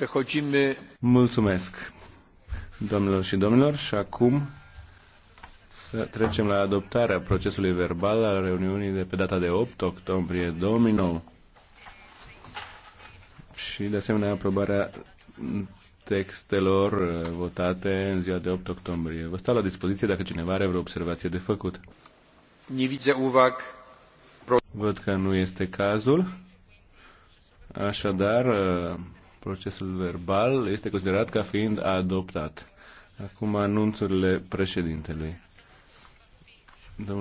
Przechodzimy... Mulțumesc, domnilor și domnilor, și acum să trecem la adoptarea procesului verbal al reuniunii de pe data de 8 octombrie 2009 și de asemenea aprobarea textelor uh, votate în ziua de 8 octombrie. Vă stau la dispoziție dacă cineva are vreo observație de făcut. Nie widzę uwag. Văd că nu este cazul. Așadar, uh, Procesul verbal este considerat ca fiind adoptat. Acum anunțurile președintelui. Domnul